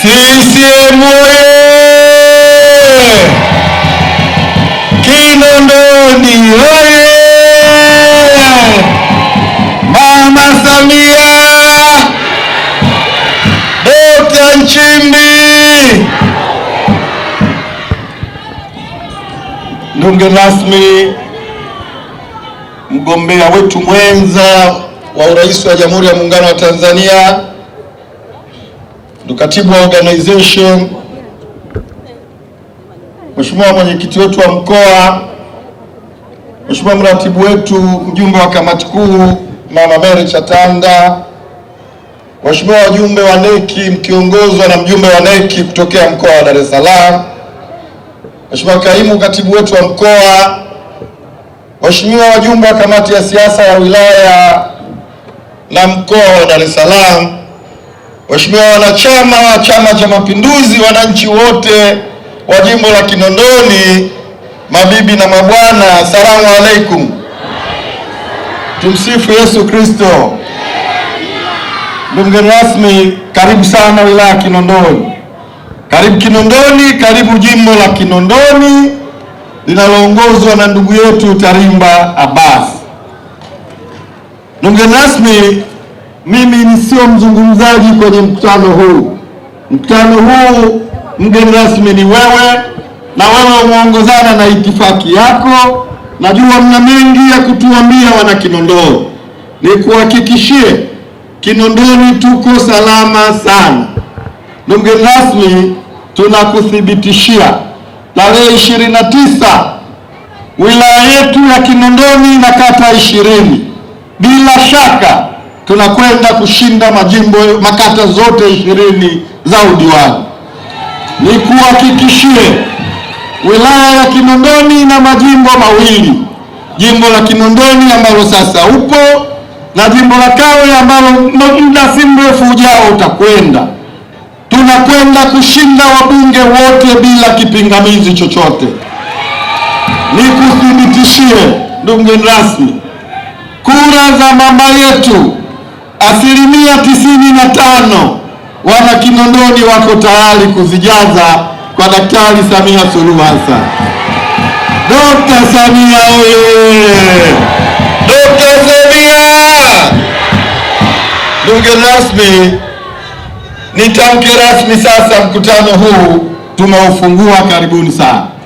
CCM oye! Kinondoni oye! Mama Samia, Dr. Nchimbi. Ndugu mgeni rasmi, mgombea wetu mwenza wa urais wa Jamhuri ya Muungano wa Tanzania katibu wa organization, mheshimiwa mwenyekiti wetu wa mkoa, mheshimiwa mratibu wetu, mjumbe wa kamati kuu mama Mary Chatanda, waheshimiwa wajumbe wa neki mkiongozwa na mjumbe wa neki kutokea mkoa wa Dar es Salaam, mheshimiwa kaimu katibu wetu wa mkoa, waheshimiwa wajumbe wa kamati ya siasa ya wilaya na mkoa wa Dar es Salaam Waheshimiwa wanachama wa Chama cha Mapinduzi, wananchi wote wa jimbo la Kinondoni, mabibi na mabwana, asalamu alaikum. Tumsifu Yesu Kristo. Ndugu mgeni rasmi, karibu sana wilaya ya Kinondoni, karibu Kinondoni, karibu jimbo la Kinondoni linaloongozwa na ndugu yetu Tarimba Abbas. Ndugu mgeni rasmi mimi ni sio mzungumzaji kwenye mkutano huu. Mkutano huu mgeni rasmi ni wewe, na wewe umeongozana na itifaki yako. Najua mna mengi ya kutuambia wana Kinondoo. Nikuhakikishie Kinondoni tuko salama sana. Ni mgeni rasmi, tunakuthibitishia tarehe ishirini na tisa wilaya yetu ya Kinondoni na kata ishirini bila shaka tunakwenda kushinda majimbo makata zote ishirini za udiwani. Ni kuhakikishie wilaya ya Kinondoni na majimbo mawili, jimbo la Kinondoni ambalo sasa upo na jimbo la Kawe ambalo muda si mrefu ujao utakwenda. Tunakwenda kushinda wabunge wote bila kipingamizi chochote. Nikuthibitishie ndugu mgeni rasmi, kura za mama yetu asilimia tisini na tano wana Kinondoni wako tayari kuzijaza kwa Daktari Samia Suluhu Hassan. Dokta Samia oye! Dokta Samia! Ndugu rasmi, nitamke rasmi sasa, mkutano huu tumeufungua. Karibuni sana.